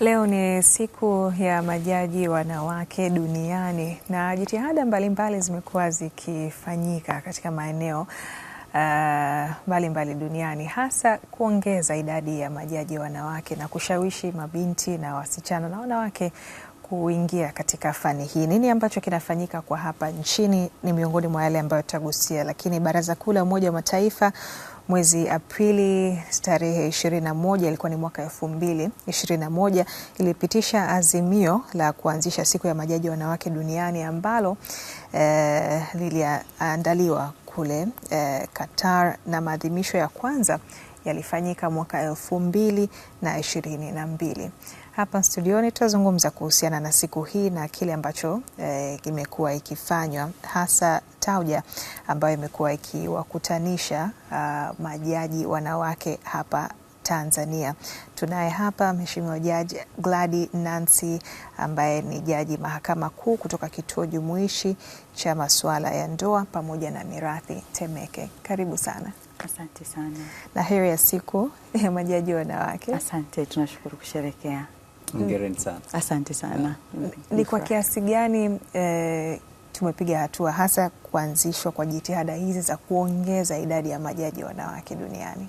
Leo ni siku ya majaji wanawake duniani na jitihada mbalimbali zimekuwa zikifanyika katika maeneo uh, mbalimbali duniani hasa kuongeza idadi ya majaji wanawake na kushawishi mabinti na wasichana na wanawake kuingia katika fani hii. Nini ambacho kinafanyika kwa hapa nchini ni miongoni mwa yale ambayo tutagusia, lakini Baraza Kuu la Umoja wa Mataifa mwezi Aprili tarehe 21, ilikuwa ni mwaka 2021, ilipitisha azimio la kuanzisha siku ya majaji wanawake duniani ambalo eh, liliandaliwa kule eh, Qatar na maadhimisho ya kwanza yalifanyika mwaka elfu mbili na ishirini na mbili. Hapa studioni tutazungumza kuhusiana na siku hii na kile ambacho eh, kimekuwa ikifanywa hasa tauja ambayo imekuwa ikiwakutanisha uh, majaji wanawake hapa Tanzania. Tunaye hapa Mheshimiwa Jaji Gladi Nancy ambaye ni jaji Mahakama Kuu kutoka Kituo Jumuishi cha Masuala ya Ndoa pamoja na Mirathi Temeke. Karibu sana. Asante sana na heri ya siku ya majaji wanawake. Asante, tunashukuru kusherekea. Hongereni sana. Asante sana. Ni kwa kiasi gani eh, tumepiga hatua hasa kuanzishwa kwa jitihada hizi za kuongeza idadi ya majaji wanawake duniani?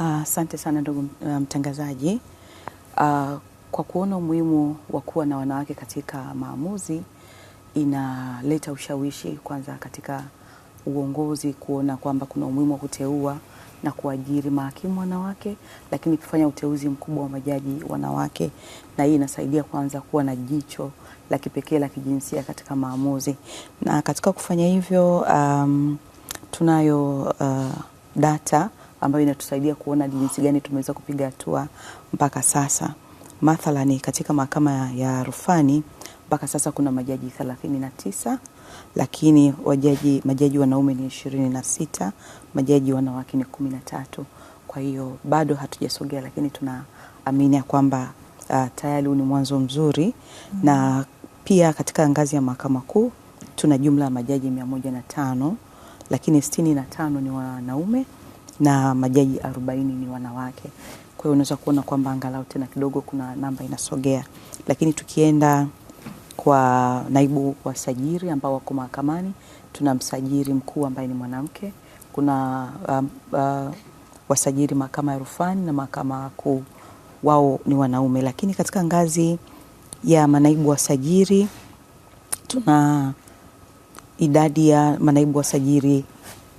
Ah, asante sana ndugu eh, mtangazaji. Uh, kwa kuona umuhimu wa kuwa na wanawake katika maamuzi inaleta ushawishi kwanza katika uongozi kuona kwamba kuna umuhimu wa kuteua na kuajiri mahakimu wanawake, lakini kufanya uteuzi mkubwa wa majaji wanawake, na hii inasaidia kwanza kuwa na jicho la kipekee la kijinsia katika maamuzi. Na katika kufanya hivyo um, tunayo uh, data ambayo inatusaidia kuona jinsi gani tumeweza kupiga hatua mpaka sasa. Mathalani katika mahakama ya rufani mpaka sasa kuna majaji tisa lakini wajaji, majaji wanaume ni ishirini na sita, majaji wanawake ni kumi na tatu. Kwa hiyo bado hatujasogea, lakini tunaamini ya kwamba uh, tayari huu ni mwanzo mzuri mm -hmm. na pia katika ngazi ya mahakama kuu tuna jumla ya majaji mia moja na tano lakini sitini na tano ni wanaume na majaji arobaini ni wanawake. Kwa hiyo unaweza kuona kwamba angalau tena kidogo kuna namba inasogea, lakini tukienda kwa naibu wasajiri ambao wako mahakamani, tuna msajiri mkuu ambaye ni mwanamke, kuna um, uh, uh, wasajiri mahakama ya rufani na mahakama kuu wao ni wanaume, lakini katika ngazi ya manaibu wasajiri tuna idadi ya manaibu wasajiri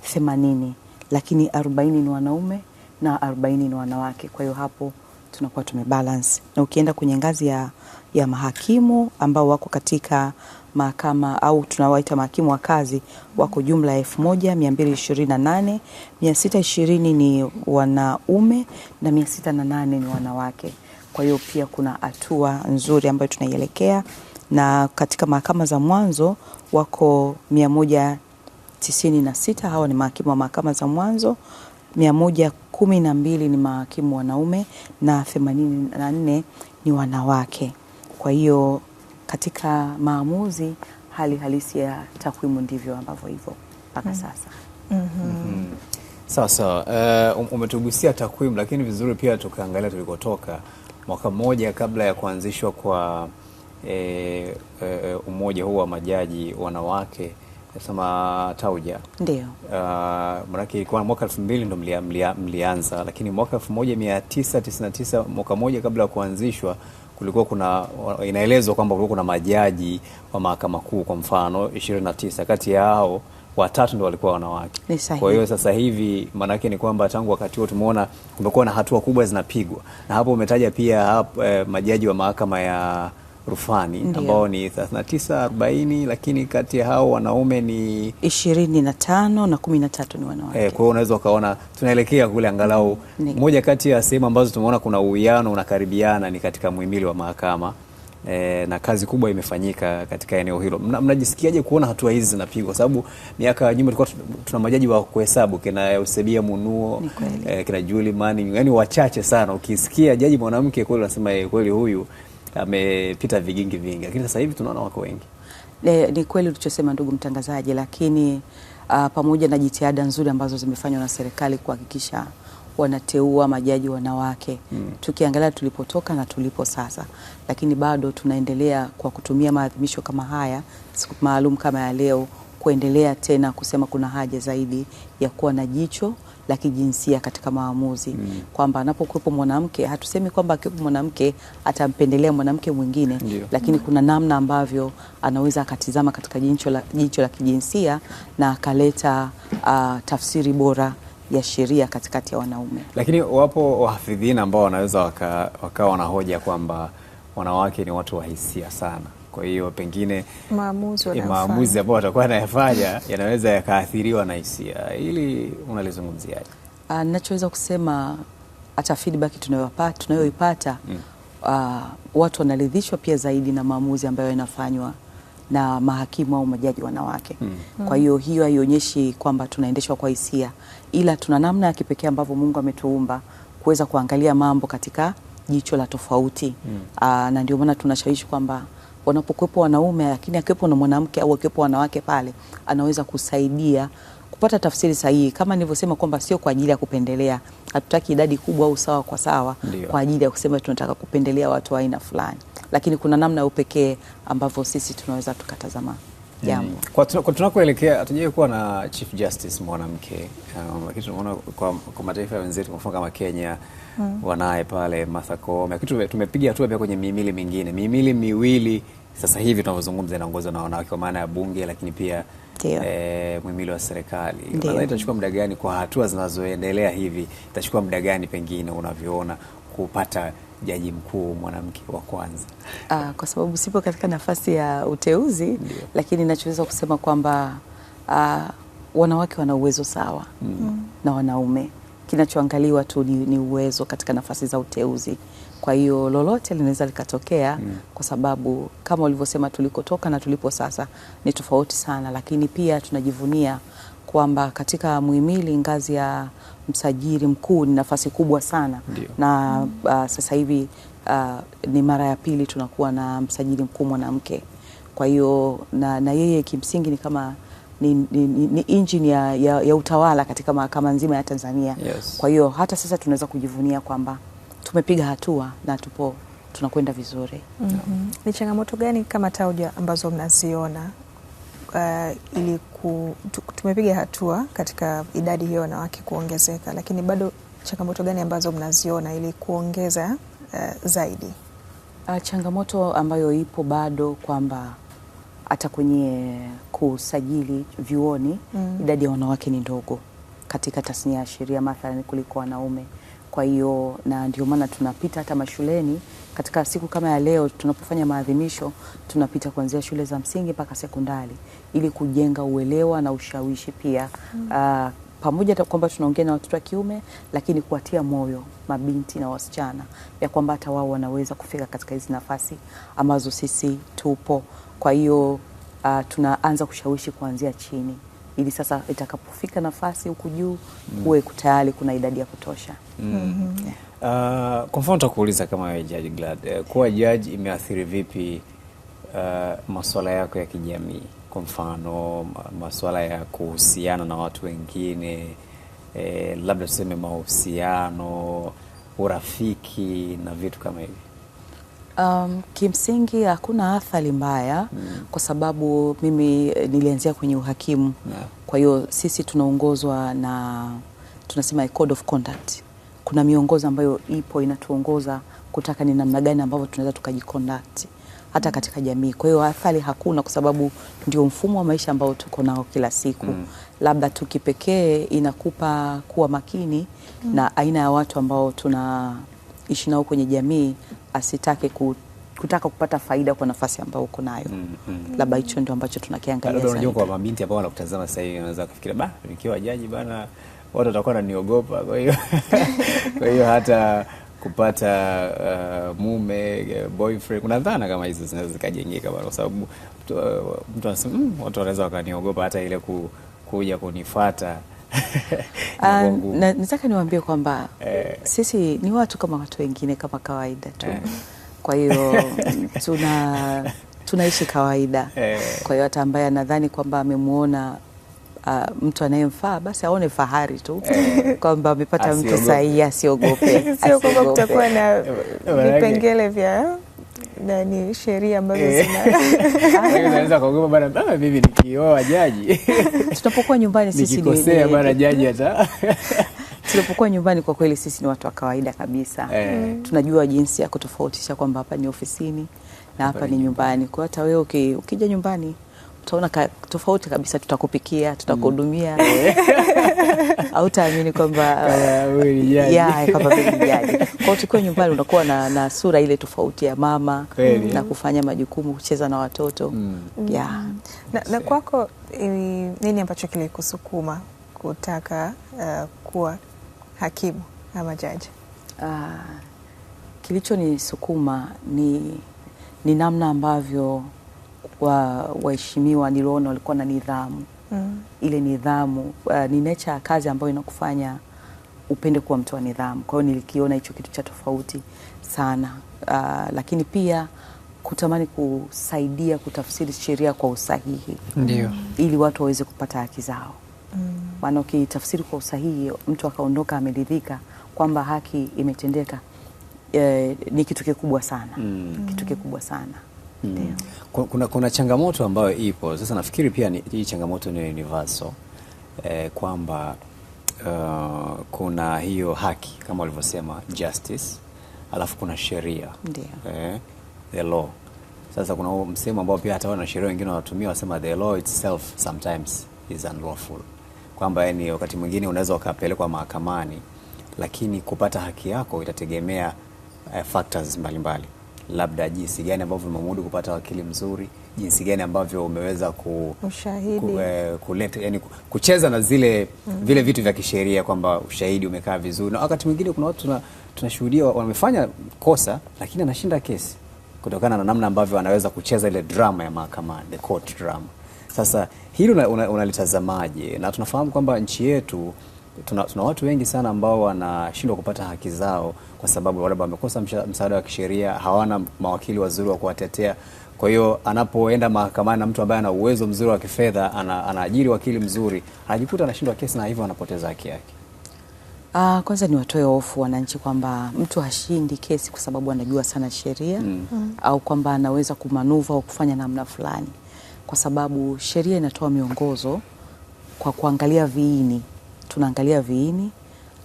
themanini, lakini arobaini ni wanaume na arobaini ni wanawake. Kwa hiyo hapo tunakuwa tumebalance, na ukienda kwenye ngazi ya, ya mahakimu ambao wako katika mahakama au tunawaita mahakimu wa kazi wako jumla ya sita ishirini ni wanaume na nane ni wanawake. Kwa hiyo pia kuna hatua nzuri ambayo tunaielekea, na katika mahakama za mwanzo wako sita hawa ni mahakimu wa mahakama za mwanzo 112 ni mahakimu wanaume na 84 ni wanawake. Kwa hiyo katika maamuzi, hali halisi ya takwimu ndivyo ambavyo hivyo mpaka mm. sasa. mm -hmm. mm -hmm. Sawa sawa. Uh, umetugusia takwimu, lakini vizuri pia tukaangalia tulikotoka mwaka mmoja kabla ya kuanzishwa kwa e, e, umoja huu wa majaji wanawake. Sema Tauja ndio. Uh, maanake ilikuwa mwaka elfu mbili ndo mlia, mlia, mlianza, lakini mwaka tisa mwaka moja kabla ya kuanzishwa kulikuwa kuna inaelezwa kwamba kulikuwa kuna majaji wa mahakama kuu kwa mfano 29 kati yao watatu ndio walikuwa wanawake. Kwa hiyo sasa hivi maanake ni kwamba tangu wakati huo tumeona kumekuwa na hatua kubwa zinapigwa, na hapo umetaja pia hapo, eh, majaji wa mahakama ya rufani Ndiyo. ambao ni 3940 lakini kati ya hao wanaume ni 25 na 13 ni wanawake. Eh, kwa hiyo unaweza ukaona tunaelekea kule angalau mm, Ndiyo. moja kati ya sehemu ambazo tumeona kuna uwiano unakaribiana ni katika muhimili wa mahakama. E, na kazi kubwa imefanyika katika eneo hilo. Mnajisikiaje mna kuona hatua hizi zinapigwa? Kwa sababu miaka ya nyuma tulikuwa tuna majaji wa kuhesabu kina Eusebia Munuo e, kina Julie Manning, yani wachache sana. Ukisikia jaji mwanamke kweli unasema eh, kweli huyu amepita vigingi vingi, lakini sasa hivi tunaona wako wengi. Le, ni kweli ulichosema ndugu mtangazaji, lakini uh, pamoja na jitihada nzuri ambazo zimefanywa na serikali kuhakikisha wanateua majaji wanawake hmm. Tukiangalia tulipotoka na tulipo sasa, lakini bado tunaendelea kwa kutumia maadhimisho kama haya, siku maalum kama ya leo, kuendelea tena kusema kuna haja zaidi ya kuwa na jicho la kijinsia katika maamuzi mm. kwamba anapokuwepo mwanamke, hatusemi kwamba akiwepo mwanamke atampendelea mwanamke mwingine Ndiyo. lakini mm. kuna namna ambavyo anaweza akatizama katika jicho la, jicho la kijinsia na akaleta uh, tafsiri bora ya sheria katikati ya wanaume. Lakini wapo wahafidhina ambao wanaweza wakawa waka wanahoja kwamba wanawake ni watu wa hisia sana kwa hiyo pengine maamuzi eh, ambayo watakuwa anayafanya yanaweza yakaathiriwa na hisia. Hili unalizungumziaje? Ah, ninachoweza kusema hata feedback tunayoipata tunayoipata mm. Uh, watu wanaridhishwa pia zaidi na maamuzi ambayo yanafanywa na mahakimu au majaji wanawake mm. Kwa hiyo hiyo haionyeshi kwamba tunaendeshwa kwa hisia, ila tuna namna ya kipekee ambavyo Mungu ametuumba kuweza kuangalia mambo katika jicho la tofauti mm. Uh, na ndio maana tunashawishi kwamba wanapokuwepo wanaume, lakini akiwepo na mwanamke au akiwepo wanawake pale, anaweza kusaidia kupata tafsiri sahihi, kama nilivyosema kwamba sio kwa ajili ya kupendelea. Hatutaki idadi kubwa au sawa kwa sawa Ndiyo. kwa ajili ya kusema tunataka kupendelea watu wa aina fulani, lakini kuna namna ya upekee ambavyo sisi tunaweza tukatazama jambo mm. Kwa tunakoelekea hatujawahi kuwa na Chief Justice mwanamke, lakini um, tunaona kwa, kwa mataifa ya wenzetu kwa mfano kama Kenya mm. wanaye pale Martha Koome, lakini tumepiga hatua pia kwenye mihimili mingine, mihimili miwili sasa hivi tunavyozungumza inaongozwa na wanawake kwa maana ya bunge, lakini pia e, eh, muhimili wa serikali. Unadhani itachukua muda gani kwa hatua zinazoendelea hivi, itachukua muda gani pengine unavyoona kupata jaji mkuu mwanamke wa kwanza? Aa, ah, kwa sababu sipo katika nafasi ya uteuzi Ndiyo. Lakini inachoweza kusema kwamba ah, wanawake wana uwezo sawa mm. na wanaume. Kinachoangaliwa tu ni, ni uwezo katika nafasi za uteuzi. Kwa hiyo lolote linaweza likatokea mm. kwa sababu kama ulivyosema, tulikotoka na tulipo sasa ni tofauti sana, lakini pia tunajivunia kwamba katika muhimili ngazi ya msajili mkuu ni nafasi kubwa sana Dio. na uh, sasa hivi uh, ni mara ya pili tunakuwa na msajili mkuu mwanamke. Kwa hiyo na, na yeye kimsingi ni kama ni, ni, ni injini ya, ya, ya utawala katika mahakama nzima ya Tanzania yes. Kwa hiyo hata sasa tunaweza kujivunia kwamba tumepiga hatua na tupo tunakwenda vizuri. mm -hmm. Ni changamoto gani kama tauja ambazo mnaziona uh, ili tumepiga hatua katika idadi hiyo wanawake kuongezeka, lakini bado changamoto gani ambazo mnaziona ili kuongeza uh, zaidi? Uh, changamoto ambayo ipo bado kwamba hata kwenye kusajili vyuoni mm. idadi ya wanawake ni ndogo katika tasnia ya sheria mathalani kuliko wanaume. Kwa hiyo na ndio maana tunapita hata mashuleni katika siku kama ya leo tunapofanya maadhimisho tunapita kuanzia shule za msingi mpaka sekondari ili kujenga uelewa na ushawishi pia mm. uh, pamoja kwamba tunaongea na watoto wa kiume lakini kuwatia moyo mabinti na wasichana ya kwamba hata wao wanaweza kufika katika hizi nafasi ambazo sisi tupo. Kwa hiyo uh, tunaanza kushawishi kuanzia chini ili sasa itakapofika nafasi huku juu kuwe mm. tayari kuna idadi ya kutosha mm. Mm-hmm. yeah. Mm-hmm. Uh, kwa mfano takuuliza kama wewe judge Glad uh, kuwa judge imeathiri vipi uh, masuala yako ya kijamii? Kwa mfano masuala ya kuhusiana na watu wengine eh, labda tuseme mahusiano, urafiki na vitu kama hivi. Um, kimsingi hakuna athari mbaya mm. Kwa sababu mimi eh, nilianzia kwenye uhakimu yeah. Kwa hiyo sisi tunaongozwa na tunasema code of conduct. Kuna miongozo ambayo ipo inatuongoza kutaka ni namna gani ambavyo tunaweza tukajiconduct hata hmm. katika jamii. Kwa hiyo athari hakuna, kwa sababu ndio mfumo wa maisha ambao tuko nao kila siku mm. Labda tu kipekee inakupa kuwa makini mm. na aina ya watu ambao tuna ishi nao kwenye jamii asitake ku, kutaka kupata faida kwa nafasi ambayo uko nayo mm -hmm. Labda hicho ndio ambacho tunakiangalia sana. Unajua, kwa mabinti ambao wanakutazama sasa hivi wanaweza kufikiria ba nikiwa jaji bana watu watakuwa wananiogopa, kwa hiyo kwa hiyo hata kupata uh, mume boyfriend, kuna dhana kama hizo zinaweza zikajengeka bana, kwa sababu uh, mtu anasema hmm, watu wanaweza wakaniogopa hata ile ku, kuja kunifata Ah, na, nataka niwaambie kwamba eh, sisi ni watu kama watu wengine kama kawaida tu eh. Kwa hiyo tuna tunaishi kawaida eh. Kwa hiyo hata ambaye anadhani kwamba amemwona uh, ah, mtu anayemfaa basi aone fahari tu eh, kwamba amepata mtu sahihi, asiogope, sio kwamba kutakuwa na vipengele vya nani sheria ambazo eh. zinaweza kuogopa bana, baba mimi nikioa jaji, tunapokuwa nyumbani sisi nikikosea bana jaji hata tunapokuwa nyumbani kwa kweli sisi ni watu wa kawaida kabisa eh. Tunajua jinsi ya kutofautisha kwamba hapa ni ofisini na hapa ni nyumbani. Kwa hata wewe ukija nyumbani tutaona ka, tofauti kabisa, tutakupikia, tutakuhudumia mm. eh. taamini kwamba kwao. Tukiwa nyumbani unakuwa na, na sura ile tofauti ya mama Kweli. na kufanya majukumu, kucheza na watoto mm. mm. yeah. na, na kwako eh, nini ambacho kilikusukuma kutaka uh, kuwa hakimu ama jaji? Uh, kilichonisukuma ni, ni namna ambavyo waheshimiwa niliona walikuwa na nidhamu mm. Ile nidhamu uh, ni nature ya kazi ambayo inakufanya upende kuwa mtu wa nidhamu. Kwa hiyo nilikiona hicho kitu cha tofauti sana uh, lakini pia kutamani kusaidia kutafsiri sheria kwa usahihi ndio, mm. ili watu waweze kupata haki zao mm. maana ukitafsiri kwa usahihi mtu akaondoka ameridhika kwamba haki imetendeka, e, ni kitu kikubwa sana mm. kitu kikubwa sana mm. Kuna, kuna changamoto ambayo ipo sasa, nafikiri pia ni, hii changamoto ni universal eh, kwamba uh, kuna hiyo haki kama walivyosema justice, alafu kuna sheria eh, the law. Sasa kuna msemo ambao pia hata wanasheria wengine wanatumia wasema, the law itself sometimes is unlawful, kwamba yani wakati mwingine unaweza ukapelekwa mahakamani, lakini kupata haki yako itategemea eh, factors mbalimbali mbali labda jinsi gani ambavyo umemudu kupata wakili mzuri, jinsi gani ambavyo umeweza ku, ku, eh, kuleta yani kucheza na zile mm -hmm. vile vitu vya kisheria kwamba ushahidi umekaa vizuri, na wakati mwingine kuna watu tunashuhudia wamefanya kosa lakini anashinda kesi kutokana na namna ambavyo anaweza kucheza ile drama ya mahakama, the court drama. Sasa hili unalitazamaje? Una, una na tunafahamu kwamba nchi yetu tuna, tuna watu wengi sana ambao wanashindwa kupata haki zao kwa sababu labda wamekosa msaada wa kisheria, hawana mawakili wazuri wa kuwatetea. Kwa hiyo anapoenda mahakamani na mtu ambaye ana uwezo mzuri wa kifedha, anaajiri wakili mzuri, anajikuta anashindwa kesi na hivyo anapoteza haki yake. Uh, kwanza ni watoe hofu wananchi kwamba mtu hashindi kesi kwa sababu anajua sana sheria mm. Mm. au kwamba anaweza kumanuva au kufanya namna fulani, kwa sababu sheria inatoa miongozo kwa kuangalia viini tunaangalia viini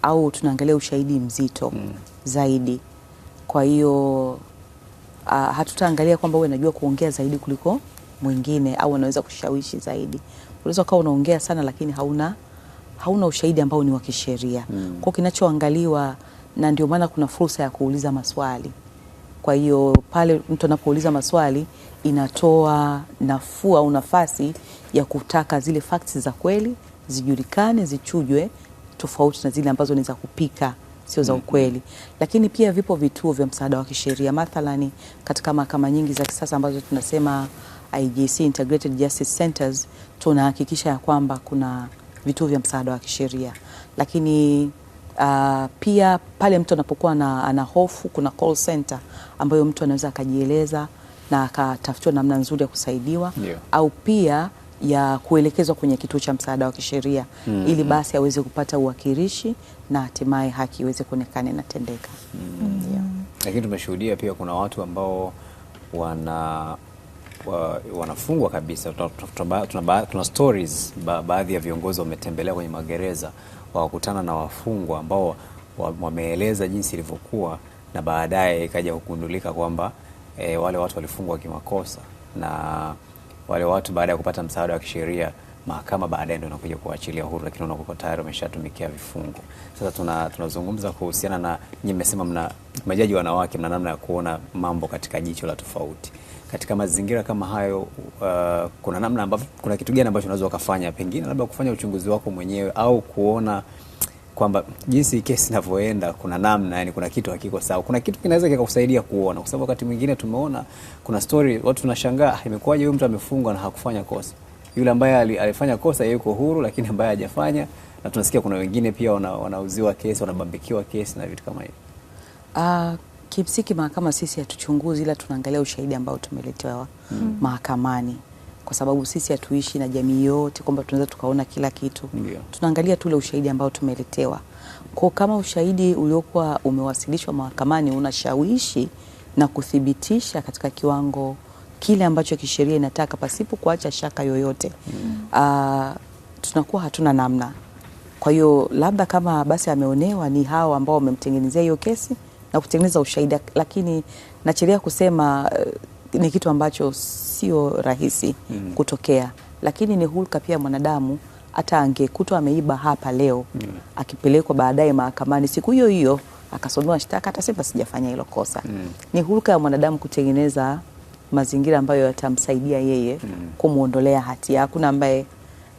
au tunaangalia ushahidi mzito mm. zaidi. Kwa hiyo uh, hatutaangalia kwamba wewe unajua kuongea zaidi kuliko mwingine au unaweza kushawishi zaidi. Unaweza ukawa unaongea sana lakini hauna hauna ushahidi ambao ni wa kisheria mm. Kwa kinachoangaliwa, na ndio maana kuna fursa ya kuuliza maswali. Kwa hiyo pale mtu anapouliza maswali inatoa nafuu au nafasi ya kutaka zile facts za kweli zijulikane, zichujwe, tofauti na zile ambazo ni za kupika sio za mm-hmm. ukweli. mm -hmm. Lakini pia vipo vituo vya msaada wa kisheria mathalani katika mahakama nyingi za kisasa ambazo tunasema IJC, Integrated Justice Centers, tunahakikisha ya kwamba kuna vituo vya msaada wa kisheria lakini Uh, pia pale mtu anapokuwa na, ana hofu kuna call center ambayo mtu anaweza akajieleza na akatafutiwa namna nzuri ya kusaidiwa. Yeah. Au pia ya kuelekezwa kwenye kituo cha msaada wa kisheria mm -hmm. ili basi aweze kupata uwakilishi na hatimaye haki iweze kuonekana inatendeka. mm -hmm. yeah. Lakini tumeshuhudia pia kuna watu ambao wana wa, wanafungwa kabisa. Tuna, tuna, tuna stories ba, baadhi ya viongozi wametembelea kwenye magereza wakakutana na wafungwa ambao wameeleza jinsi ilivyokuwa na baadaye ikaja kugundulika kwamba e, wale watu walifungwa kimakosa na wale watu baada ya kupata msaada wa kisheria mahakama baadaye ndio inakuja kuachilia huru, lakini unakuwa tayari umeshatumikia vifungo. Sasa tuna tunazungumza kuhusiana na nyinyi, mmesema mna majaji wanawake, mna namna ya kuona mambo katika jicho la tofauti. Katika mazingira kama hayo, uh, kuna namna ambavyo, kuna kitu gani ambacho unaweza ukafanya, pengine labda kufanya uchunguzi wako mwenyewe au kuona kwamba jinsi kesi inavyoenda kuna namna, yani kuna kitu hakiko sawa, kuna kitu kinaweza kikakusaidia kuona, kwa sababu wakati mwingine tumeona kuna story watu tunashangaa, imekuwaje huyu mtu amefungwa na hakufanya kosa, yule ambaye alifanya kosa yuko huru, lakini ambaye hajafanya, na tunasikia kuna wengine pia wanauziwa wana kesi, wanabambikiwa kesi na vitu kama hivyo. Uh, ah, kimsiki mahakama sisi hatuchunguzi, ila tunaangalia ushahidi ambao tumeletewa mm. mahakamani kwa sababu sisi hatuishi na jamii yote kwamba tunaweza tukaona kila kitu yeah. Tunaangalia tu ushahidi ambao tumeletewa. Kwa kama ushahidi uliokuwa umewasilishwa mahakamani unashawishi na kuthibitisha katika kiwango kile ambacho kisheria inataka pasipo kuacha shaka yoyote mm. Uh, tunakuwa hatuna namna. Kwa hiyo labda kama basi ameonewa ni hao ambao wamemtengenezea hiyo kesi na kutengeneza ushahidi, lakini nachelea kusema uh, ni kitu ambacho sio rahisi mm. kutokea, lakini ni hulka pia mwanadamu. Hata angekutwa ameiba hapa leo mm. akipelekwa baadaye mahakamani siku hiyo hiyo akasomewa shtaka, atasema sijafanya hilo kosa mm. Ni hulka ya mwanadamu kutengeneza mazingira ambayo yatamsaidia yeye mm. kumwondolea hatia. Hakuna ambaye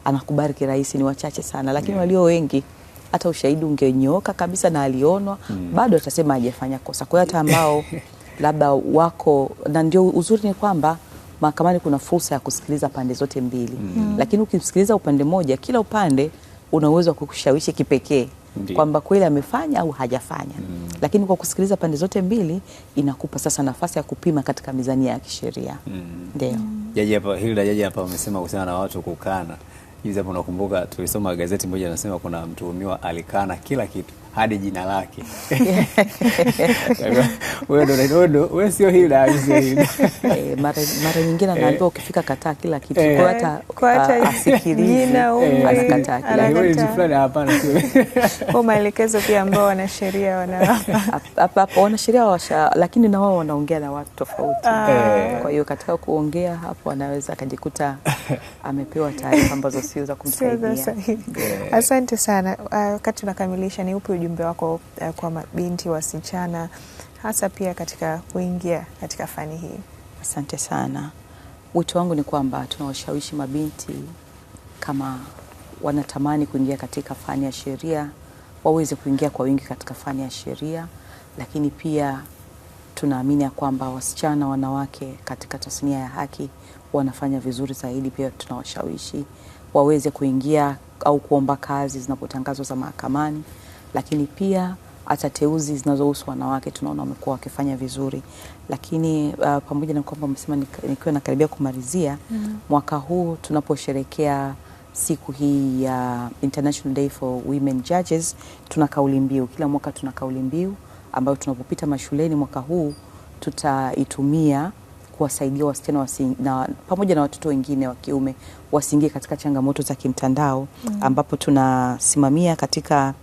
anakubali kirahisi, ni wachache sana, lakini yeah. Hmm. walio wengi hata ushahidi ungenyooka kabisa na alionwa mm. bado atasema hajafanya kosa. Kwa hiyo hata ambao labda wako, na ndio uzuri ni kwamba mahakamani kuna fursa ya kusikiliza pande zote mbili mm. mm. Lakini ukimsikiliza upande mmoja, kila upande una uwezo wa kukushawishi kipekee kwamba kweli amefanya au hajafanya mm. Lakini kwa kusikiliza pande zote mbili inakupa sasa nafasi ya kupima katika mizania ya kisheria mm. ndio. mm. Jaji hapa hili la jaji hapa wamesema kuhusiana na watu kukana hivi hapo, unakumbuka tulisoma gazeti moja, anasema kuna mtuhumiwa alikana kila kitu hadi jina lake. Wewe sio Hilda, eh, mara nyingine anaambiwa eh. ukifika kataa kila kitu, kwa eh. hata ah, asikilize, anakataa kila hapana. Kwa maelekezo pia ambao wanasheria wanawapa wanasheria washa, lakini na wao wanaongea na watu tofauti, ah. kwa hiyo katika kuongea hapo anaweza akajikuta amepewa taarifa ambazo sio za kumsaidia. Asante sana, ah, wakati unakamilisha, ni upi ujumbe wako uh, kwa mabinti wasichana, hasa pia katika kuingia katika fani hii? Asante sana. Wito wangu ni kwamba tunawashawishi mabinti kama wanatamani kuingia katika fani ya sheria waweze kuingia kwa wingi katika fani ya sheria, lakini pia tunaamini ya kwamba wasichana, wanawake katika tasnia ya haki wanafanya vizuri zaidi. Pia tunawashawishi waweze kuingia au kuomba kazi zinapotangazwa za mahakamani lakini pia hata teuzi zinazohusu wanawake tunaona wamekuwa wakifanya vizuri, lakini uh, pamoja na kwamba umesema nikiwa nakaribia kumalizia mm. mwaka huu tunaposherekea siku hii ya uh, International Day for Women Judges, tuna kauli mbiu. Kila mwaka tuna kauli mbiu ambayo tunapopita mashuleni, mwaka huu tutaitumia kuwasaidia wasichana na, pamoja na watoto wengine wa kiume wasiingie katika changamoto za kimtandao mm. ambapo tunasimamia katika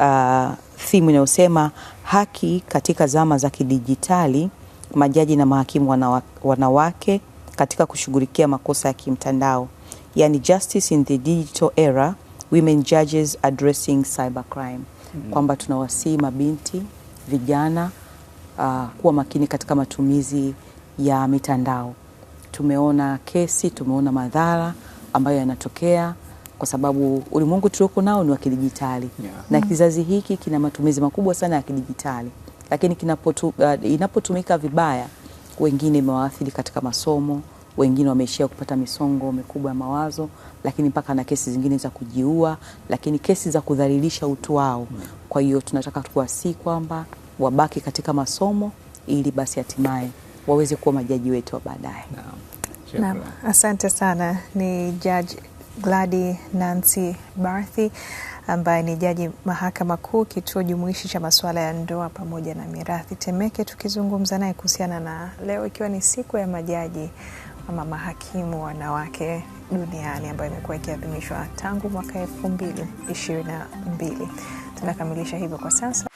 uh, thimu inayosema haki katika zama za kidijitali, majaji na mahakimu wanawake katika kushughulikia makosa ya kimtandao, yani justice in the digital era, women judges addressing cybercrime mm. kwamba tunawasii mabinti vijana uh, kuwa makini katika matumizi ya mitandao. Tumeona kesi, tumeona madhara ambayo yanatokea kwa sababu ulimwengu tulioko nao ni wa kidijitali yeah. na kizazi hiki kina matumizi makubwa sana ya kidijitali, lakini kinapotu, uh, inapotumika vibaya, wengine imewaathiri katika masomo, wengine wameishia kupata misongo mikubwa ya mawazo, lakini mpaka na kesi zingine za kujiua, lakini kesi za kudhalilisha utu wao. Mm. Kwa hiyo tunataka kuwasihi kwamba wabaki katika masomo ili basi hatimaye waweze kuwa majaji wetu wa baadaye. Naam, asante sana. Ni jaji Gladi Nancy Barthi ambaye ni jaji mahakama kuu kituo jumuishi cha masuala ya ndoa pamoja na mirathi Temeke, tukizungumza naye kuhusiana na leo ikiwa ni siku ya majaji ama mahakimu wanawake duniani ambayo imekuwa ikiadhimishwa tangu mwaka elfu mbili ishirini na mbili. Tunakamilisha hivyo kwa sasa.